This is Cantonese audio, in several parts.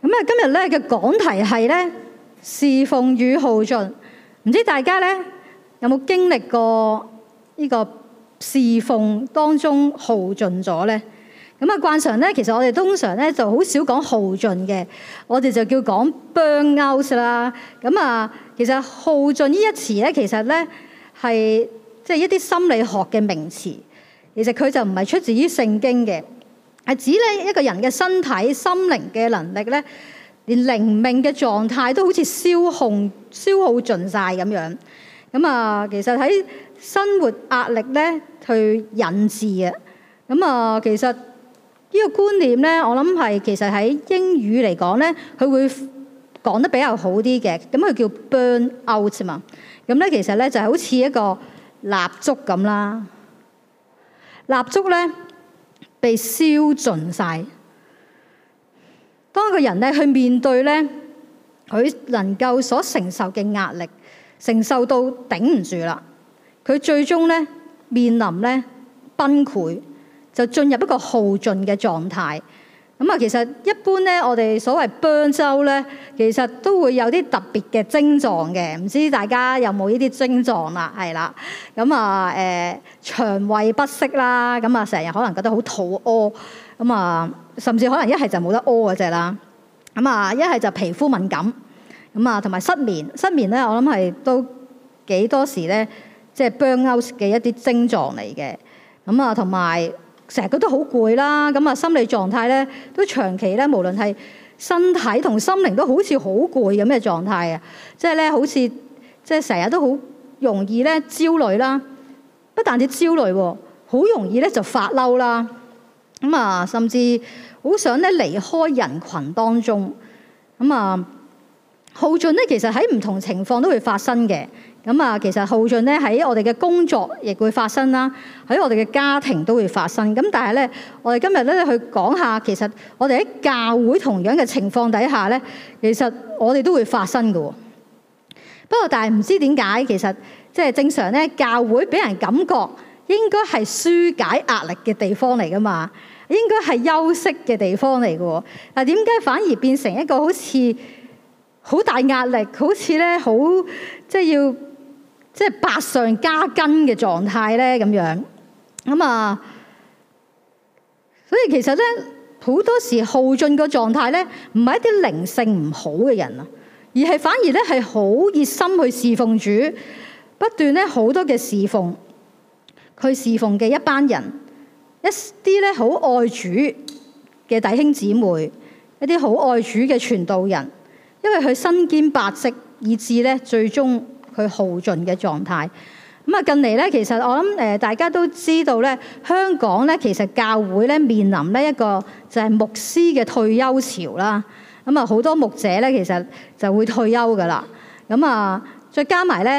咁啊，今日咧嘅講題係咧事奉與耗盡，唔知大家咧有冇經歷過呢個事奉當中耗盡咗咧？咁、嗯、啊，慣常咧，其實我哋通常咧就好少講耗盡嘅，我哋就叫講 burn out 啦。咁、嗯、啊，其實耗盡呢一詞咧，其實咧係即係一啲心理學嘅名詞，其實佢就唔係出自於聖經嘅。係指咧一個人嘅身體、心靈嘅能力咧，連靈命嘅狀態都好似消耗、消耗盡曬咁樣。咁啊，其實喺生活壓力咧去引致嘅。咁啊，其實呢個觀念咧，我諗係其實喺英語嚟講咧，佢會講得比較好啲嘅。咁佢叫 burn out 嘛。咁咧，其實咧就係好似一個蠟燭咁啦。蠟燭咧。被燒盡晒，當一個人咧去面對咧，佢能夠所承受嘅壓力，承受到頂唔住啦。佢最終咧面臨咧崩潰，就進入一個耗盡嘅狀態。咁啊，其實一般咧，我哋所謂 ben 洲咧，其實都會有啲特別嘅症狀嘅。唔知大家有冇呢啲症狀啦？係啦，咁啊，誒、呃，腸胃不適啦，咁啊，成日可能覺得好肚屙，咁啊，甚至可能一係就冇得屙嘅啫啦。咁啊，一係就皮膚敏感，咁啊，同埋失眠。失眠咧，我諗係都幾多時咧，即係 benose 嘅一啲症狀嚟嘅。咁啊，同埋。成日覺得好攰啦，咁啊，心理狀態咧都長期咧，無論係身體同心靈都好似、就是、好攰咁嘅狀態啊！即係咧好似即係成日都好容易咧焦慮啦，不但止焦慮喎，好容易咧就發嬲啦，咁啊，甚至好想咧離開人群當中，咁啊，耗盡咧其實喺唔同情況都會發生嘅。咁啊，其實耗盡咧喺我哋嘅工作亦會發生啦，喺我哋嘅家庭都會發生。咁但係咧，我哋今日咧去講下，其實我哋喺教會同樣嘅情況底下咧，其實我哋都會發生嘅。不過但係唔知點解，其實即係、就是、正常咧，教會俾人感覺應該係舒解壓力嘅地方嚟噶嘛，應該係休息嘅地方嚟嘅。但點解反而變成一個好似好大壓力，好似咧好即係要。即係百上加根嘅狀態咧，咁樣咁啊！所以其實咧，好多時耗盡個狀態咧，唔係一啲靈性唔好嘅人啊，而係反而咧係好熱心去侍奉主，不斷咧好多嘅侍奉去侍奉嘅一班人，一啲咧好愛主嘅弟兄姊妹，一啲好愛主嘅傳道人，因為佢身兼百職，以至咧最終，去耗盡嘅狀態。咁啊，近嚟咧，其實我諗誒，大家都知道咧，香港咧，其實教會咧，面臨呢一個就係牧師嘅退休潮啦。咁啊，好多牧者咧，其實就會退休噶啦。咁啊，再加埋咧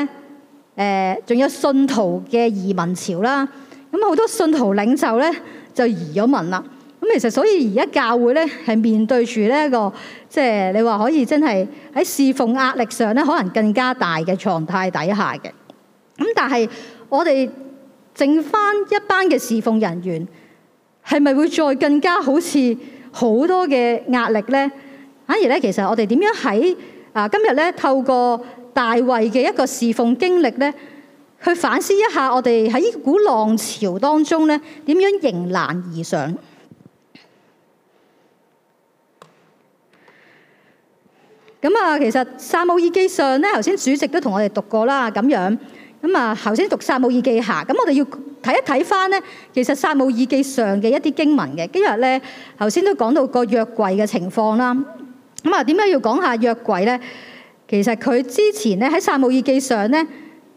誒，仲、呃、有信徒嘅移民潮啦。咁好多信徒領袖咧，就移咗民啦。咁其實，所以而家教會咧係面對住呢一個即係、就是、你話可以真係喺侍奉壓力上咧，可能更加大嘅狀態底下嘅。咁但係我哋剩翻一班嘅侍奉人員係咪會再更加好似好多嘅壓力咧？反而咧，其實我哋點樣喺啊今日咧透過大衛嘅一個侍奉經歷咧，去反思一下我哋喺呢股浪潮當中咧點樣迎難而上。咁啊，其實撒母耳記上咧，頭先主席都同我哋讀過啦，咁樣。咁啊，頭先讀撒母耳記下，咁我哋要睇一睇翻咧。其實撒母耳記上嘅一啲經文嘅，今日咧頭先都講到個約櫃嘅情況啦。咁啊，點解要講下約櫃咧？其實佢之前咧喺撒母耳記上咧，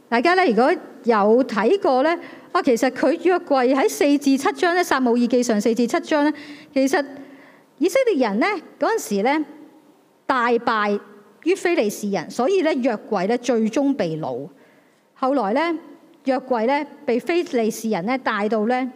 大家咧如果有睇過咧，啊，其實佢約櫃喺四至七章咧，撒母耳記上四至七章咧，其實以色列人咧嗰陣時咧，大敗於非利士人，所以咧約櫃咧最終被擄。後來咧約櫃咧被非利士人咧帶到咧，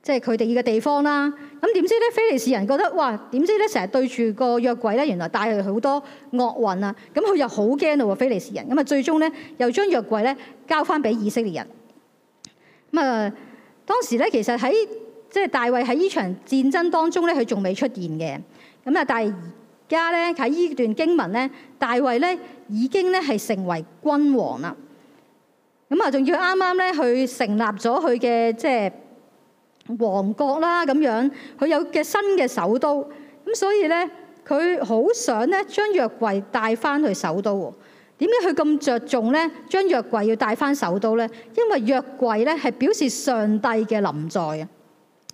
即係佢哋嘅地方啦。咁點知咧非利士人覺得哇，點知咧成日對住個約櫃咧，原來帶去好多惡運啊！咁佢又好驚咯，非利士人咁啊，最終咧又將約櫃咧交翻俾以色列人咁啊、呃。當時咧其實喺即係大衛喺呢場戰爭當中咧，佢仲未出現嘅咁啊，但係家咧喺呢段經文咧，大衛咧已經咧係成為君王啦。咁啊，仲要啱啱咧去成立咗佢嘅即係王國啦，咁樣佢有嘅新嘅首都。咁所以咧，佢好想咧將約櫃帶翻去首都。點解佢咁著重咧將約櫃要帶翻首都咧？因為約櫃咧係表示上帝嘅臨在啊。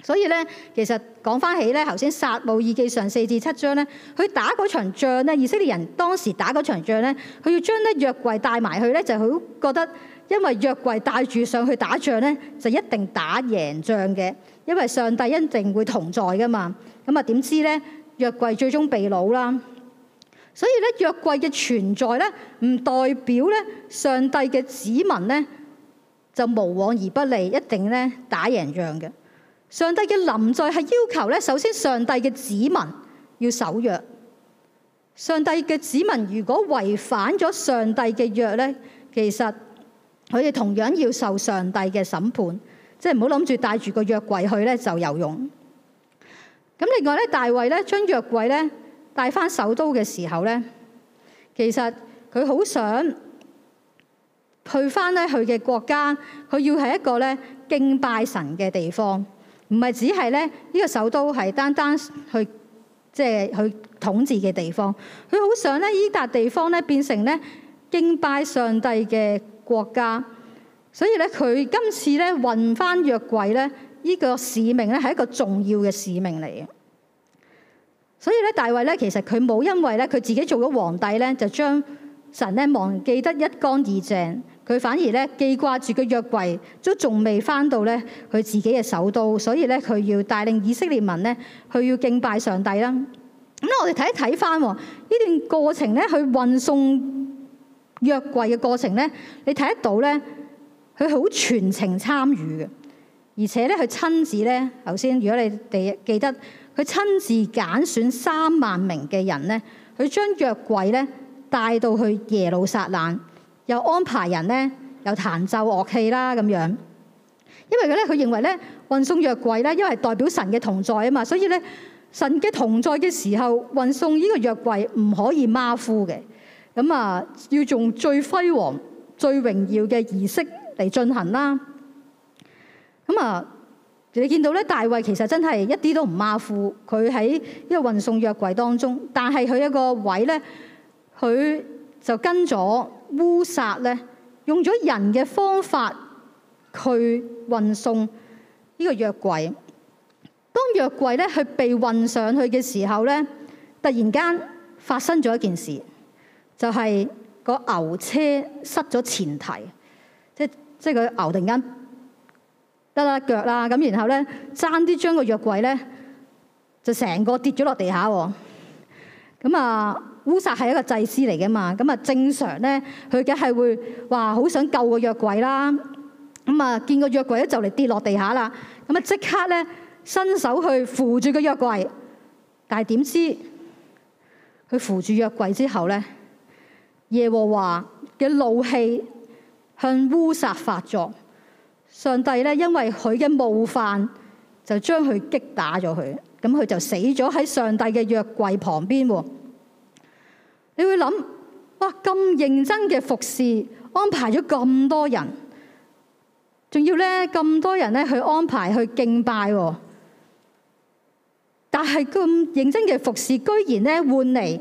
所以咧，其實講翻起咧，頭先《撒母耳記》上四至七章咧，佢打嗰場仗咧，以色列人當時打嗰場仗咧，佢要將得約櫃帶埋去咧，就佢覺得因為約櫃帶住上去打仗咧，就一定打贏仗嘅，因為上帝一定會同在噶嘛。咁啊，點知咧約櫃最終被擄啦，所以咧約櫃嘅存在咧，唔代表咧上帝嘅子民咧就無往而不利，一定咧打贏仗嘅。上帝嘅臨在係要求咧，首先上帝嘅子民要守約。上帝嘅子民如果違反咗上帝嘅約咧，其實佢哋同樣要受上帝嘅審判。即係唔好諗住帶住個約櫃去咧就有用。咁另外咧，大衛咧將約櫃咧帶返首都嘅時候咧，其實佢好想去返咧佢嘅國家，佢要係一個咧敬拜神嘅地方。唔係只係咧，呢個首都係單單去即係去統治嘅地方。佢好想咧，呢笪地方咧變成咧敬拜上帝嘅國家。所以咧，佢今次咧運返約櫃咧，呢個使命咧係一個重要嘅使命嚟嘅。所以咧，大衛咧其實佢冇因為咧佢自己做咗皇帝咧，就將神咧忘記得一乾二淨。佢反而咧記掛住個約櫃，都仲未翻到咧佢自己嘅首都，所以咧佢要帶領以色列民咧去要敬拜上帝啦。咁我哋睇一睇翻呢段過程咧，去運送約櫃嘅過程咧，你睇得到咧，佢好全程參與嘅，而且咧佢親自咧，頭先如果你哋記得，佢親自揀選三萬名嘅人咧，佢將約櫃咧帶到去耶路撒冷。又安排人咧，又彈奏樂器啦，咁樣，因為咧，佢認為咧，運送約櫃咧，因為代表神嘅同在啊嘛，所以咧，神嘅同在嘅時候，運送呢個約櫃唔可以馬虎嘅。咁啊，要用最輝煌、最榮耀嘅儀式嚟進行啦。咁啊，你見到咧，大衛其實真係一啲都唔馬虎，佢喺呢個運送約櫃當中，但係佢一個位咧，佢就跟咗。烏撒咧用咗人嘅方法去運送呢個藥櫃。當藥櫃咧佢被運上去嘅時候咧，突然間發生咗一件事，就係、是、個牛車失咗前蹄，即即係佢牛突然間耷甩腳啦。咁然後咧，爭啲將個藥櫃咧就成個跌咗落地下。咁啊～烏撒係一個祭司嚟嘅嘛，咁啊正常咧，佢梗係會話好想救個約櫃啦。咁啊，見個約櫃咧就嚟跌落地下啦，咁啊即刻咧伸手去扶住個約櫃，但係點知佢扶住約櫃之後咧，耶和華嘅怒氣向烏撒發作，上帝咧因為佢嘅冒犯就將佢擊打咗佢，咁佢就死咗喺上帝嘅約櫃旁邊喎。你會諗，哇！咁認真嘅服侍，安排咗咁多人，仲要咧咁多人咧去安排去敬拜，但係咁認真嘅服侍，居然咧換嚟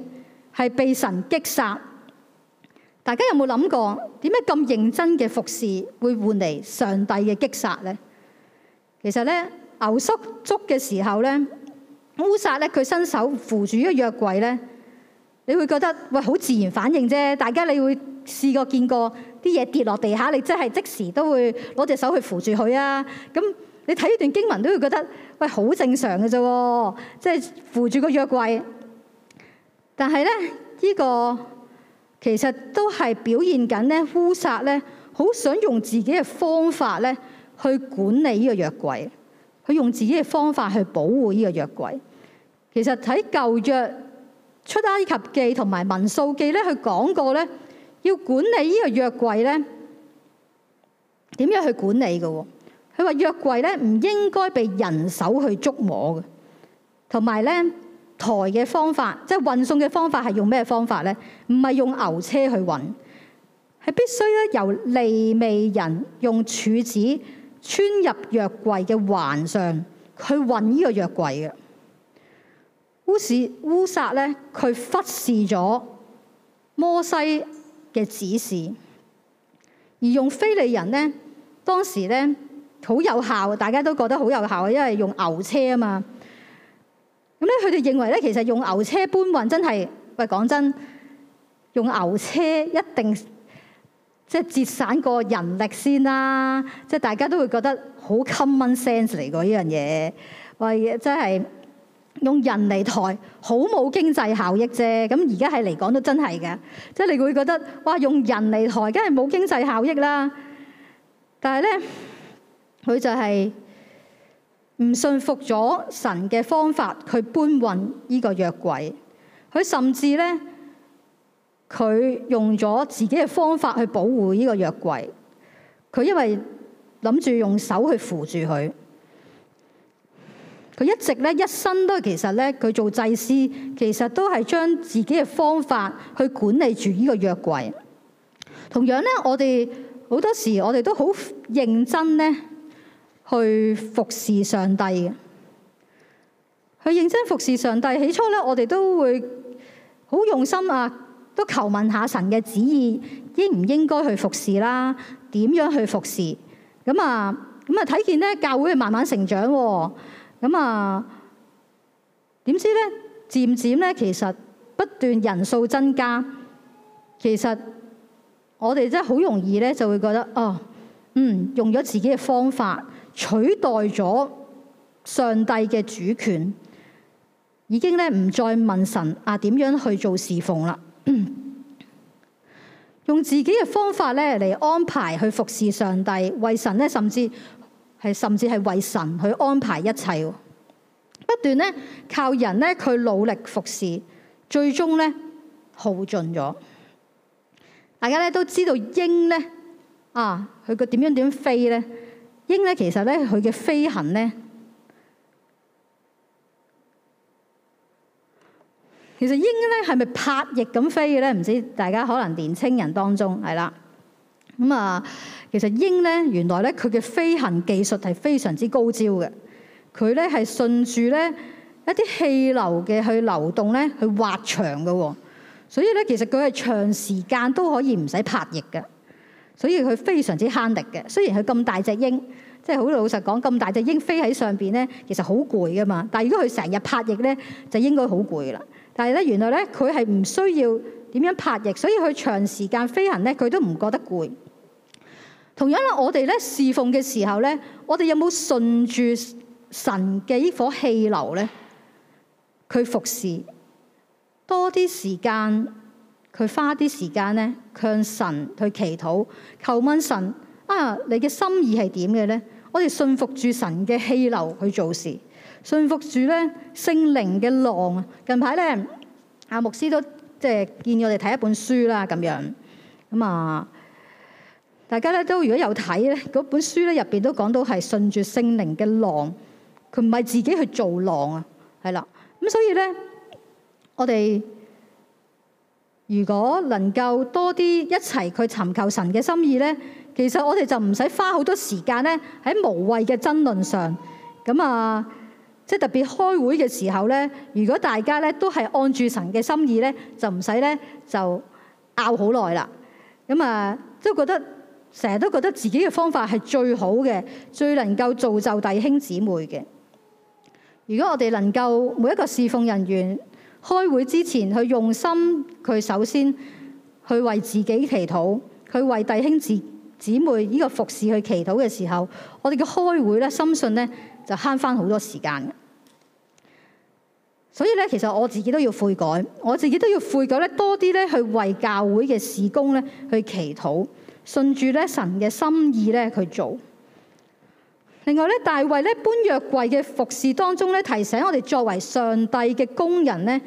係被神擊殺。大家有冇諗過，點解咁認真嘅服侍會換嚟上帝嘅擊殺咧？其實咧，牛叔捉嘅時候咧，烏撒咧佢伸手扶住一個約櫃咧。你會覺得喂好自然反應啫，大家你會試過見過啲嘢跌落地下，你真係即時都會攞隻手去扶住佢啊！咁你睇一段經文都會覺得喂好正常嘅啫，即係扶住個約櫃。但係咧，呢、這個其實都係表現緊咧烏撒咧，好想用自己嘅方法咧去管理呢個約櫃，佢用自己嘅方法去保護呢個約櫃。其實喺舊約，出埃及記同埋民數記咧，佢講過咧，要管理呢個約櫃咧，點樣去管理嘅？佢話約櫃咧唔應該被人手去捉摸嘅，同埋咧抬嘅方法，即係運送嘅方法係用咩方法咧？唔係用牛車去運，係必須咧由利未人用柱子穿入約櫃嘅環上去運呢個約櫃嘅。烏士烏撒咧，佢忽視咗摩西嘅指示，而用非利人咧，當時咧好有效，大家都覺得好有效啊，因為用牛車啊嘛。咁、嗯、咧，佢哋認為咧，其實用牛車搬運真係，喂，講真，用牛車一定即係節省過人力先啦，即係大家都會覺得好 common sense 嚟呢樣嘢，喂，真係。用人嚟抬，好冇經濟效益啫。咁而家係嚟講都真係嘅，即係你會覺得哇，用人嚟抬，梗係冇經濟效益啦。但係咧，佢就係唔信服咗神嘅方法，去搬運呢個約櫃。佢甚至咧，佢用咗自己嘅方法去保護呢個約櫃。佢因為諗住用手去扶住佢。佢一直咧，一生都係其實咧，佢做祭司，其實都係將自己嘅方法去管理住呢個約櫃。同樣咧，我哋好多時，我哋都好認真咧去服侍上帝嘅。去認真服侍上帝起初咧，我哋都會好用心啊，都求問下神嘅旨意，應唔應該去服侍啦？點樣去服侍咁啊？咁啊？睇見咧，教會去慢慢成長。咁啊，點知咧？漸漸咧，其實不斷人數增加，其實我哋真係好容易咧就會覺得哦，嗯，用咗自己嘅方法取代咗上帝嘅主權，已經咧唔再問神啊點樣去做侍奉啦， 用自己嘅方法咧嚟安排去服侍上帝，為神咧甚至，係甚至係為神去安排一切，不斷咧靠人咧佢努力服侍，最終咧耗盡咗。大家咧都知道鷹咧啊，佢個點樣點樣飛咧？鷹咧其實咧佢嘅飛行咧，其實鷹咧係咪拍翼咁飛嘅咧？唔知大家可能年青人當中係啦。咁啊、嗯，其實鷹咧，原來咧佢嘅飛行技術係非常之高超嘅。佢咧係順住咧一啲氣流嘅去流動咧，去滑翔嘅喎。所以咧，其實佢係長時間都可以唔使拍翼嘅。所以佢非常之慳力嘅。雖然佢咁大隻鷹，即係好老實講，咁大隻鷹飛喺上邊咧，其實好攰噶嘛。但係如果佢成日拍翼咧，就應該好攰啦。但係咧，原來咧佢係唔需要點樣拍翼，所以佢長時間飛行咧，佢都唔覺得攰。同樣咧，我哋咧侍奉嘅時候咧，我哋有冇順住神嘅依顆氣流咧？去服侍多啲時間，佢花啲時間咧向神去祈禱、求問神啊！你嘅心意係點嘅咧？我哋信服住神嘅氣流去做事，信服住咧聖靈嘅浪。近排咧，阿牧師都即係建議我哋睇一本書啦，咁樣咁啊。大家咧都，如果有睇咧嗰本書咧，入邊都講到係順住聖靈嘅浪，佢唔係自己去做浪啊，係啦。咁所以咧，我哋如果能夠多啲一齊去尋求神嘅心意咧，其實我哋就唔使花好多時間咧喺無謂嘅爭論上。咁啊，即係特別開會嘅時候咧，如果大家咧都係按住神嘅心意咧，就唔使咧就拗好耐啦。咁啊，都覺得。成日都覺得自己嘅方法係最好嘅，最能夠造就弟兄姊妹嘅。如果我哋能夠每一個侍奉人員開會之前去用心，佢首先去為自己祈禱，去為弟兄姊姊妹呢個服侍去祈禱嘅時候，我哋嘅開會咧，深信咧就慳翻好多時間。所以咧，其實我自己都要悔改，我自己都要悔改咧，多啲咧去為教會嘅事工咧去祈禱。順住咧神嘅心意咧去做。另外咧，大衛咧搬約櫃嘅服侍當中咧，提醒我哋作為上帝嘅工人咧，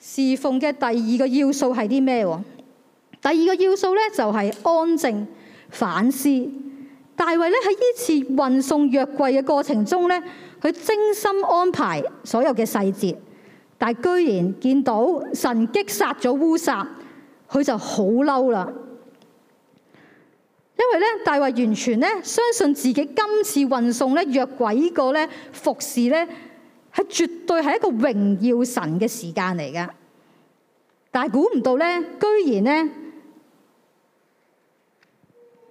事奉嘅第二個要素係啲咩？第二個要素咧就係安靜反思。大衛咧喺呢次運送約櫃嘅過程中咧，佢精心安排所有嘅細節，但居然見到神擊殺咗烏撒，佢就好嬲啦。因為咧，大衛完全咧相信自己今次運送咧約櫃個咧服侍咧，係絕對係一個榮耀神嘅時間嚟㗎。但係估唔到咧，居然咧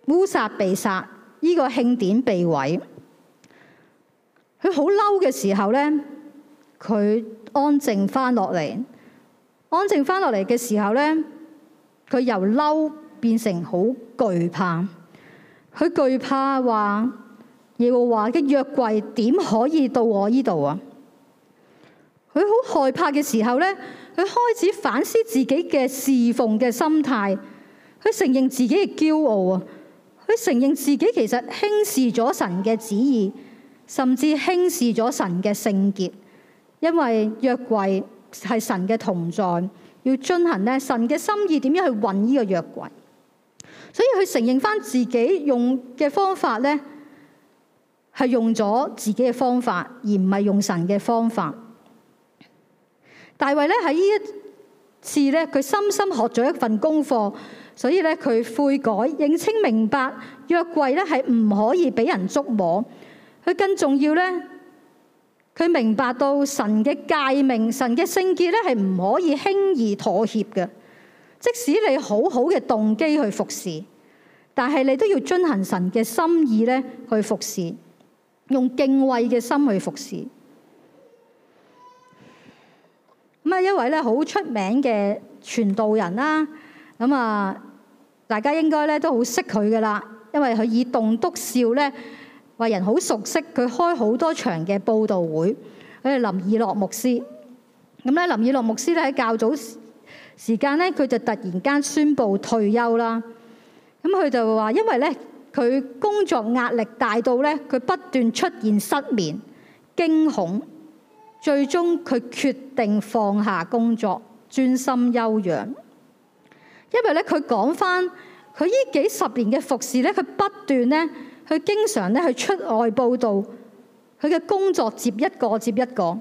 烏撒被殺，呢個慶典被毀。佢好嬲嘅時候咧，佢安靜翻落嚟，安靜翻落嚟嘅時候咧，佢由嬲變成好懼怕。佢懼怕話，耶和華嘅約櫃點可以到我呢度啊！佢好害怕嘅時候呢，佢開始反思自己嘅侍奉嘅心態，佢承認自己嘅驕傲啊！佢承認自己其實輕視咗神嘅旨意，甚至輕視咗神嘅聖潔，因為約櫃係神嘅同在，要進行呢神嘅心意點樣去運呢個約櫃。所以佢承認翻自己用嘅方法咧，係用咗自己嘅方法，而唔係用神嘅方法。大衛咧，喺呢一次咧，佢深深學咗一份功課，所以咧佢悔改、認清、明白約櫃咧係唔可以俾人捉摸。佢更重要咧，佢明白到神嘅誡命、神嘅聖潔咧係唔可以輕易妥協嘅。即使你好好嘅動機去服侍，但係你都要遵行神嘅心意咧去服侍，用敬畏嘅心去服侍。咁啊，一位咧好出名嘅傳道人啦，咁啊，大家應該咧都好識佢㗎喇，因為佢以棟篤笑咧，為人好熟悉，佢開好多場嘅佈道會。佢係林以諾牧師，咁咧林以諾牧師咧喺較早時間咧，佢就突然間宣布退休啦。咁、嗯、佢就話，因為咧，佢工作壓力大到咧，佢不斷出現失眠、驚恐，最終佢決定放下工作，專心休養。因為咧，佢講返佢呢幾十年嘅服侍咧，佢不斷咧佢經常咧去出外報道，佢嘅工作接一個接一個，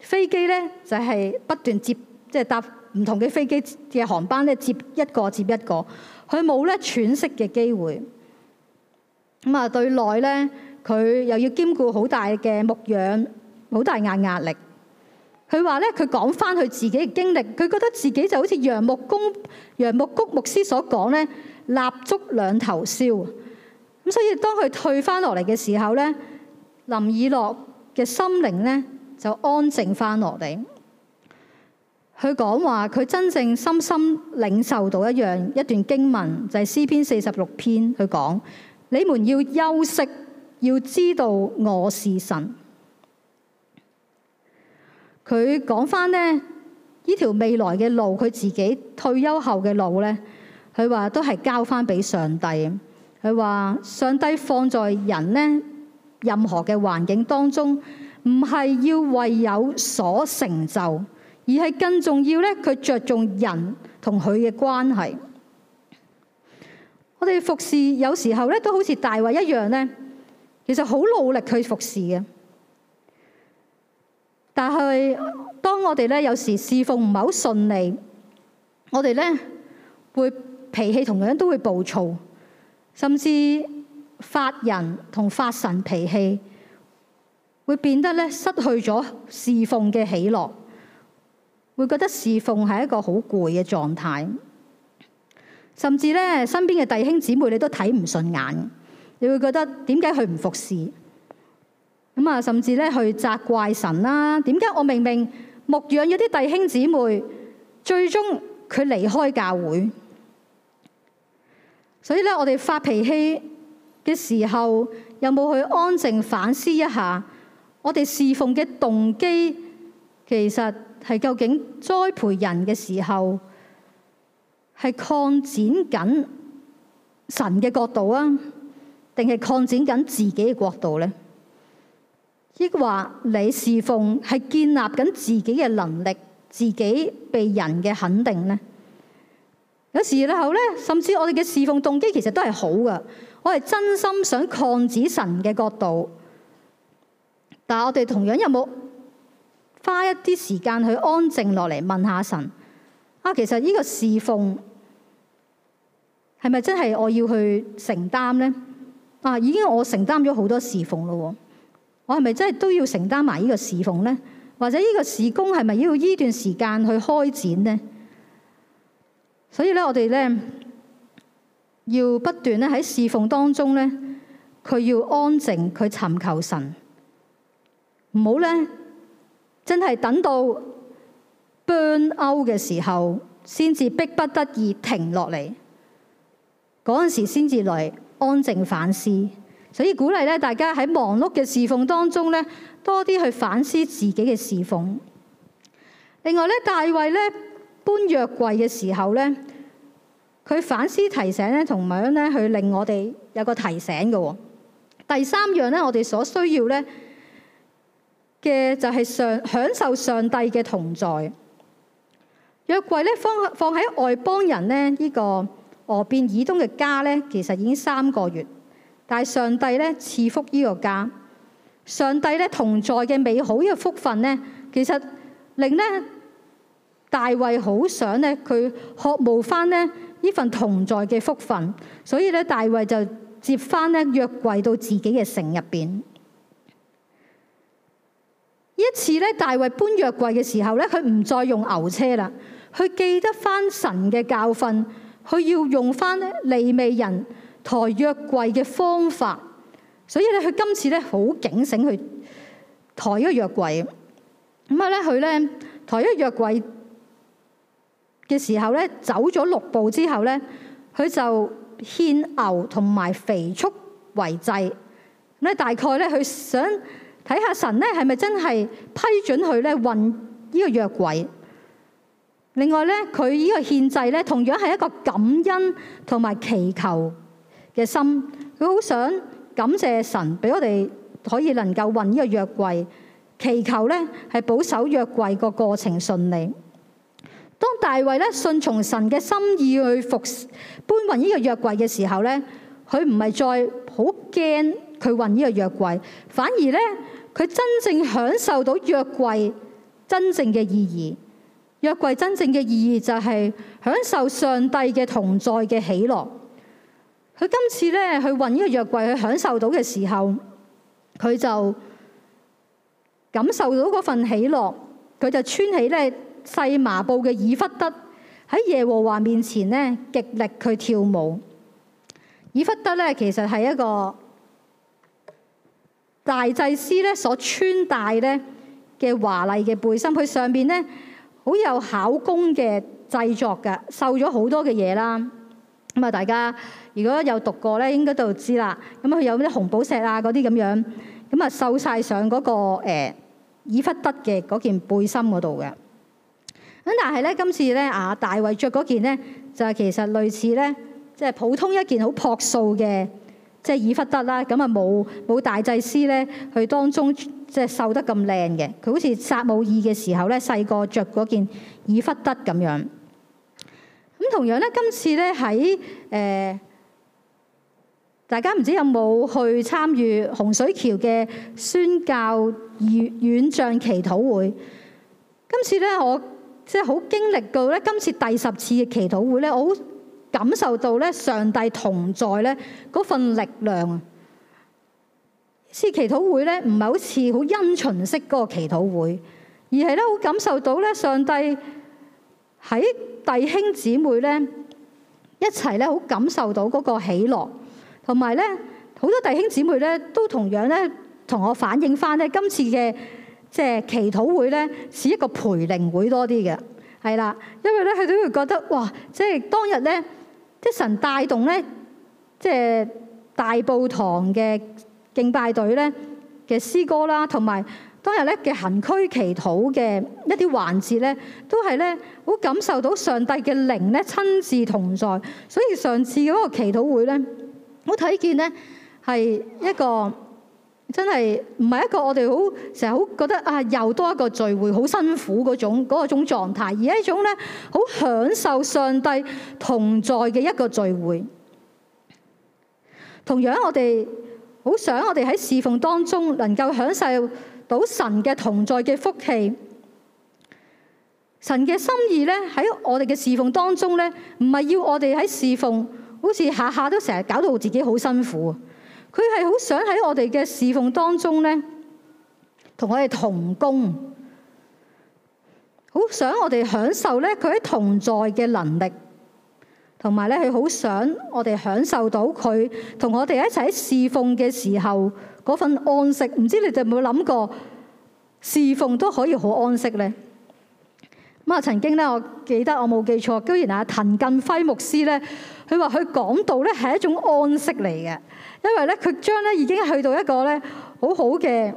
飛機咧就係、是、不斷接即係、就是、搭。唔同嘅飛機嘅航班咧，接一個接一個，佢冇咧喘息嘅機會。咁啊，對內咧，佢又要兼顧好大嘅牧養，好大壓壓力。佢話咧，佢講翻佢自己嘅經歷，佢覺得自己就好似楊牧公、楊牧谷牧師所講咧，蠟燭兩頭燒。咁所以當佢退翻落嚟嘅時候咧，林以樂嘅心靈咧就安靜翻落嚟。佢講話佢真正深深領受到一樣一段經文，就係詩篇四十六篇，佢講，你們要休息，要知道我是神。佢講翻呢，呢條未來嘅路，佢自己退休後嘅路呢，佢話都係交翻俾上帝。佢話上帝放在人呢任何嘅環境當中，唔係要為有所成就。而係更重要咧，佢着重人同佢嘅關係。我哋服侍有時候咧，都好似大衞一樣咧，其實好努力去服侍嘅。但係當我哋咧有時侍奉唔係好順利，我哋咧會脾氣同樣都會暴躁，甚至發人同發神脾氣，會變得咧失去咗侍奉嘅喜樂。會覺得侍奉係一個好攰嘅狀態，甚至咧身邊嘅弟兄姊妹，你都睇唔順眼。你會覺得點解佢唔服侍咁啊？甚至咧去責怪神啦，點解我明明牧養咗啲弟兄姊妹，最終佢離開教會？所以咧，我哋發脾氣嘅時候，有冇去安靜反思一下我哋侍奉嘅動機？其實。係究竟栽培人嘅時候，係擴展緊神嘅角度啊，定係擴展緊自己嘅角度呢？抑或你侍奉係建立緊自己嘅能力，自己被人嘅肯定呢？有時候咧，甚至我哋嘅侍奉動機其實都係好㗎，我係真心想擴展神嘅角度，但係我哋同樣有冇？花一啲時間去安靜落嚟問下神，啊，其實呢個侍奉係咪真係我要去承擔呢？啊，已經我承擔咗好多侍奉咯，我係咪真係都要承擔埋呢個侍奉呢？或者呢個事工係咪要呢段時間去開展呢？所以咧，我哋咧要不斷咧喺侍奉當中咧，佢要安靜，佢尋求神，唔好咧。真係等到 burn out 嘅時候，先至逼不得已停落嚟。嗰陣時先至來安靜反思，所以鼓勵咧大家喺忙碌嘅侍奉當中咧，多啲去反思自己嘅侍奉。另外咧，大衛咧搬約櫃嘅時候咧，佢反思提醒咧，同樣咧去令我哋有個提醒嘅。第三樣咧，我哋所需要咧。嘅就係上享受上帝嘅同在。約櫃咧放放喺外邦人呢，呢、這個俄邊以東嘅家咧，其實已經三個月，但係上帝咧賜福呢個家，上帝咧同在嘅美好嘅福分咧，其實令咧大衛好想咧佢渴望翻呢，呢，呢份同在嘅福分，所以咧大衛就接翻咧約櫃到自己嘅城入邊。一次咧，大衛搬約櫃嘅時候咧，佢唔再用牛車啦。佢記得翻神嘅教訓，佢要用翻呢利未人抬約櫃嘅方法。所以咧，佢今次咧好警醒去抬咗個約櫃。咁啊咧，佢咧抬咗個約櫃嘅時候咧，走咗六步之後咧，佢就獻牛同埋肥畜為祭。咁啊，大概咧，佢想。睇下神咧，係咪真係批准佢咧運呢個約櫃？另外咧，佢呢個獻祭咧，同樣係一個感恩同埋祈求嘅心。佢好想感謝神，俾我哋可以能夠運呢個約櫃，祈求咧係保守約櫃個過程順利。當大衛咧信從神嘅心意去服搬運呢個約櫃嘅時候咧，佢唔係再好驚。佢運呢個約櫃，反而呢，佢真正享受到約櫃真正嘅意義。約櫃真正嘅意義就係享受上帝嘅同在嘅喜樂。佢今次呢，去運呢個約櫃，去享受到嘅時候，佢就感受到嗰份喜樂。佢就穿起咧細麻布嘅以弗得，喺耶和華面前呢，極力去跳舞。以弗得呢，其實係一個大祭司咧所穿戴咧嘅華麗嘅背心，佢上邊咧好有巧工嘅製作嘅，繡咗好多嘅嘢啦。咁啊，大家如果有讀過咧，應該都知啦。咁啊，佢有啲紅寶石啊嗰啲咁樣，咁啊、那個，繡晒上嗰個誒以弗得嘅嗰件背心嗰度嘅。咁但係咧，今次咧啊，大衛着嗰件咧，就係其實類似咧，即、就、係、是、普通一件好樸素嘅。即係以弗得啦，咁啊，冇冇大祭司咧，佢當中即係瘦得咁靚嘅，佢好似撒母耳嘅時候咧，細個着嗰件以弗得咁樣。咁同樣咧，今次咧喺誒，大家唔知有冇去參與洪水橋嘅宣教異象祈禱會？今次咧，我即係好經歷過咧，今次第十次嘅祈禱會咧，我好感受到咧上帝同在咧嗰份力量啊！呢次祈禱會咧唔係好似好因循式嗰個祈禱會，而係咧好感受到咧上帝喺弟兄姊妹咧一齊咧好感受到嗰個喜樂，同埋咧好多弟兄姊妹咧都同樣咧同我反映翻咧今次嘅即係祈禱會咧是一個培靈會多啲嘅，係啦，因為咧佢都會覺得哇，即係當日咧。即係神帶動咧，即係大布堂嘅敬拜隊咧嘅詩歌啦，同埋當日咧嘅行區祈禱嘅一啲環節咧，都係咧好感受到上帝嘅靈咧親自同在，所以上次嗰個祈禱會咧，我睇見咧係一個。真係唔係一個我哋好成日好覺得啊又多一個聚會好辛苦嗰種嗰一種狀態，而係一種咧好享受上帝同在嘅一個聚會。同樣，我哋好想我哋喺侍奉當中能夠享受到神嘅同在嘅福氣。神嘅心意咧喺我哋嘅侍奉當中咧，唔係要我哋喺侍奉好似下下都成日搞到自己好辛苦。佢係好想喺我哋嘅侍奉當中咧，同我哋同工，好想我哋享受咧佢喺同在嘅能力，同埋咧佢好想我哋享受到佢同我哋一齊喺侍奉嘅時候嗰份安息。唔知你哋有冇諗過侍奉都可以好安息咧？咁啊，曾經咧，我記得我冇記錯，居然啊，滕近輝牧師咧。佢話：佢講道咧係一種安息嚟嘅，因為咧佢將咧已經去到一個咧好好嘅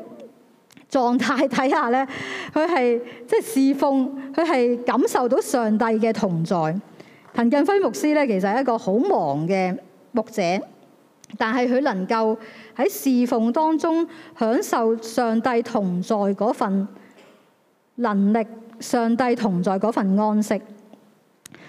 狀態，底下咧佢係即係侍奉，佢係感受到上帝嘅同在。陳近輝牧師咧其實係一個好忙嘅牧者，但係佢能夠喺侍奉當中享受上帝同在嗰份能力，上帝同在嗰份安息。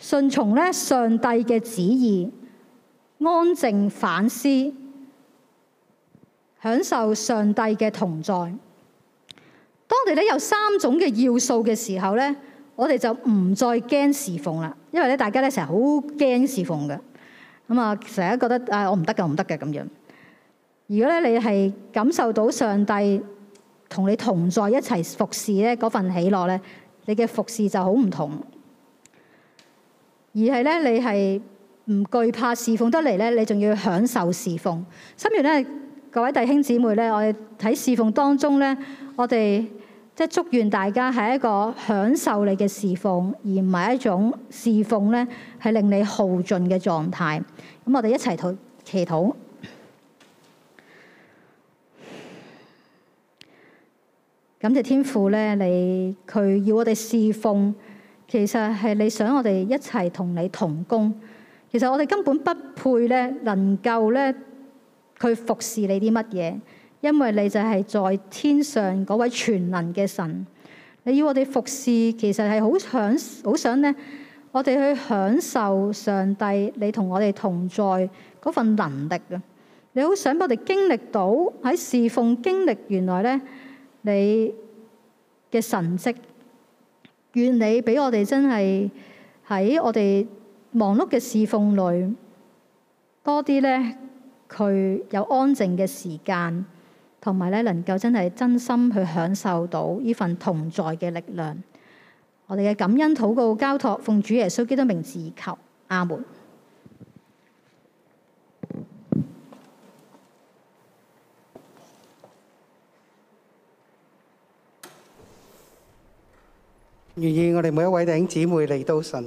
順從咧上帝嘅旨意，安靜反思，享受上帝嘅同在。當你咧有三種嘅要素嘅時候咧，我哋就唔再驚侍奉啦。因為咧大家咧成日好驚侍奉嘅，咁啊成日覺得啊我唔得嘅，唔得嘅咁樣。如果咧你係感受到上帝同你同在一齊服侍咧嗰份喜樂咧，你嘅服侍就好唔同。而係咧，你係唔懼怕侍奉得嚟咧，你仲要享受侍奉。心願咧，各位弟兄姊妹咧，我哋喺侍奉當中咧，我哋即係祝願大家係一個享受你嘅侍奉，而唔係一種侍奉咧係令你耗盡嘅狀態。咁我哋一齊同祈禱。感謝天父咧，你佢要我哋侍奉。其實係你想我哋一齊同你同工，其實我哋根本不配咧，能夠咧去服侍你啲乜嘢？因為你就係在天上嗰位全能嘅神，你要我哋服侍，其實係好享好想咧，我哋去享受上帝你同我哋同在嗰份能力啊！你好想我哋經歷到喺事奉經歷原來咧你嘅神跡。願你俾我哋真係喺我哋忙碌嘅侍奉裏多啲咧，佢有安靜嘅時間，同埋咧能夠真係真心去享受到呢份同在嘅力量。我哋嘅感恩禱告交託奉主耶穌基督名字以求，阿門。願意，我哋每一位弟兄姊妹嚟到神。